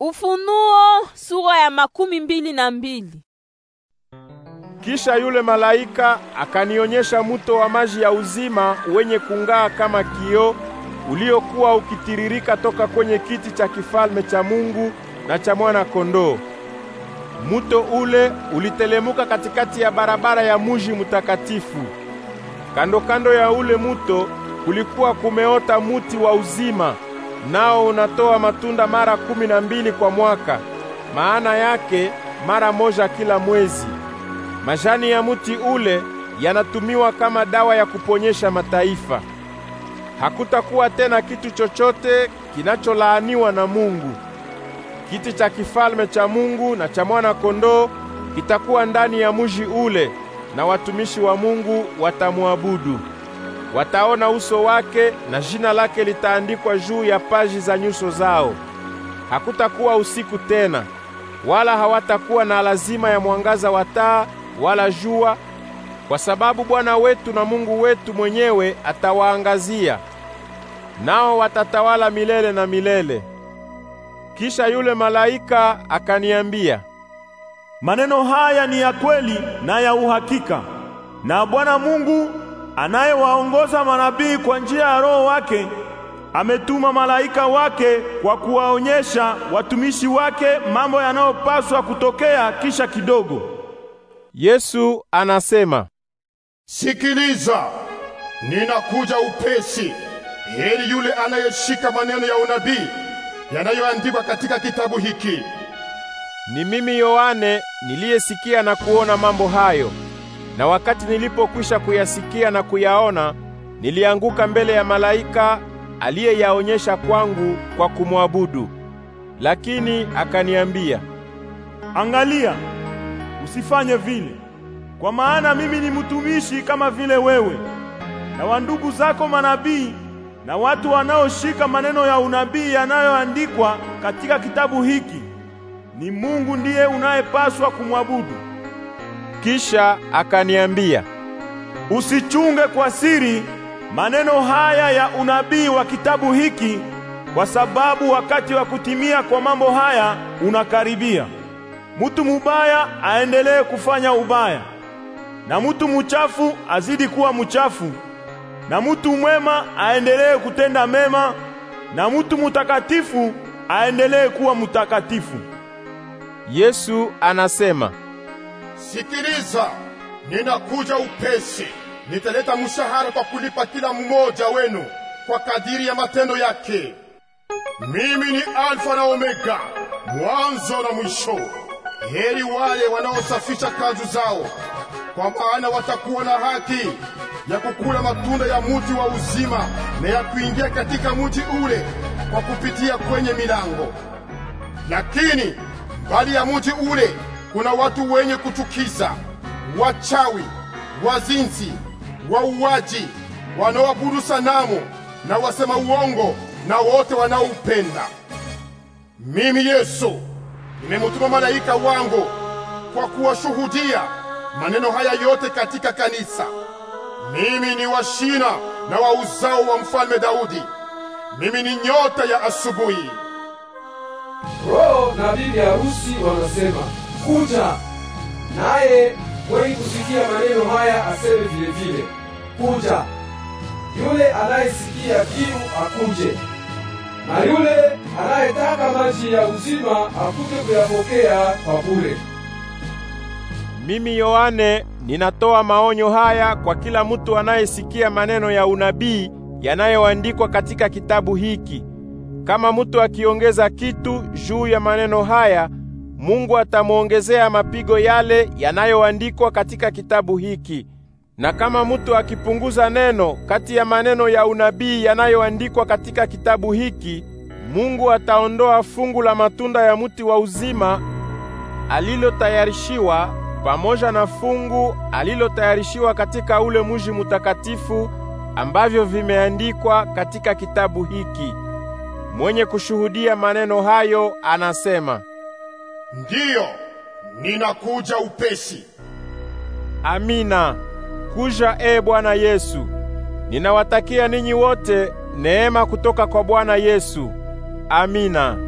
Ufunuo sura ya makumi mbili na mbili. Kisha yule malaika akanionyesha muto wa maji ya uzima wenye kung'aa kama kioo uliokuwa ukitiririka toka kwenye kiti cha kifalme cha Mungu na cha mwana kondoo. Muto ule ulitelemuka katikati ya barabara ya muji mtakatifu. Kando kando ya ule muto kulikuwa kumeota muti wa uzima nao unatoa matunda mara kumi na mbili kwa mwaka, maana yake mara moja kila mwezi. Majani ya muti ule yanatumiwa kama dawa ya kuponyesha mataifa. Hakutakuwa tena kitu chochote kinacholaaniwa na Mungu. Kiti cha kifalme cha Mungu na cha mwana-kondoo kitakuwa ndani ya mji ule, na watumishi wa Mungu watamwabudu wataona uso wake na jina lake litaandikwa juu ya paji za nyuso zao. Hakutakuwa usiku tena, wala hawatakuwa na lazima ya mwangaza wa taa wala jua, kwa sababu Bwana wetu na Mungu wetu mwenyewe atawaangazia, nao watatawala milele na milele. Kisha yule malaika akaniambia, maneno haya ni ya kweli na ya uhakika, na Bwana Mungu anayewaongoza manabii kwa njia ya Roho wake, ametuma malaika wake kwa kuwaonyesha watumishi wake mambo yanayopaswa kutokea kisha kidogo. Yesu anasema, Sikiliza, ninakuja upesi. Heri yule anayeshika maneno ya unabii yanayoandikwa katika kitabu hiki. Ni mimi Yohane niliyesikia na kuona mambo hayo. Na wakati nilipokwisha kuyasikia na kuyaona, nilianguka mbele ya malaika aliyeyaonyesha kwangu kwa kumwabudu. Lakini akaniambia, angalia, usifanye vile, kwa maana mimi ni mtumishi kama vile wewe na wa ndugu zako manabii na watu wanaoshika maneno ya unabii yanayoandikwa katika kitabu hiki. Ni Mungu ndiye unayepaswa kumwabudu. Kisha akaniambia, usichunge kwa siri maneno haya ya unabii wa kitabu hiki, kwa sababu wakati wa kutimia kwa mambo haya unakaribia. Mutu mubaya aendelee kufanya ubaya, na mutu muchafu azidi kuwa muchafu, na mutu mwema aendelee kutenda mema, na mutu mutakatifu aendelee kuwa mutakatifu. Yesu anasema Sikiliza, ninakuja upesi, nitaleta mshahara kwa kulipa kila mmoja wenu kwa kadiri ya matendo yake. Mimi ni Alfa na Omega, mwanzo na mwisho. Heri wale wanaosafisha kanzu zao, kwa maana watakuwa na haki ya kukula matunda ya muti wa uzima na ya kuingia katika muti ule kwa kupitia kwenye milango. Lakini mbali ya muti ule kuna watu wenye kuchukiza, wachawi, wazinzi, wauaji, wanaoabudu sanamu na wasema uongo na wote wanaoupenda. Mimi Yesu nimemutuma malaika wangu kwa kuwashuhudia maneno haya yote katika kanisa. Mimi ni wa shina na wa uzao wa mfalme Daudi, mimi ni nyota ya asubuhi. Roho na bibi harusi wanasema kuja. Naye mwenye kusikia maneno haya aseme vile vile, kuja. Yule anayesikia kiu akuje, na yule anayetaka maji ya uzima akuje kuyapokea kwa bure. Mimi Yohane ninatoa maonyo haya kwa kila mtu anayesikia maneno ya unabii yanayoandikwa katika kitabu hiki. Kama mtu akiongeza kitu juu ya maneno haya, Mungu atamwongezea mapigo yale yanayoandikwa katika kitabu hiki. Na kama mtu akipunguza neno kati ya maneno ya unabii yanayoandikwa katika kitabu hiki, Mungu ataondoa fungu la matunda ya muti wa uzima alilotayarishiwa pamoja na fungu alilotayarishiwa katika ule muji mutakatifu ambavyo vimeandikwa katika kitabu hiki. Mwenye kushuhudia maneno hayo anasema: Ndiyo, ninakuja upesi. Amina. Kuja e Bwana Yesu. Ninawatakia ninyi wote neema kutoka kwa Bwana Yesu. Amina.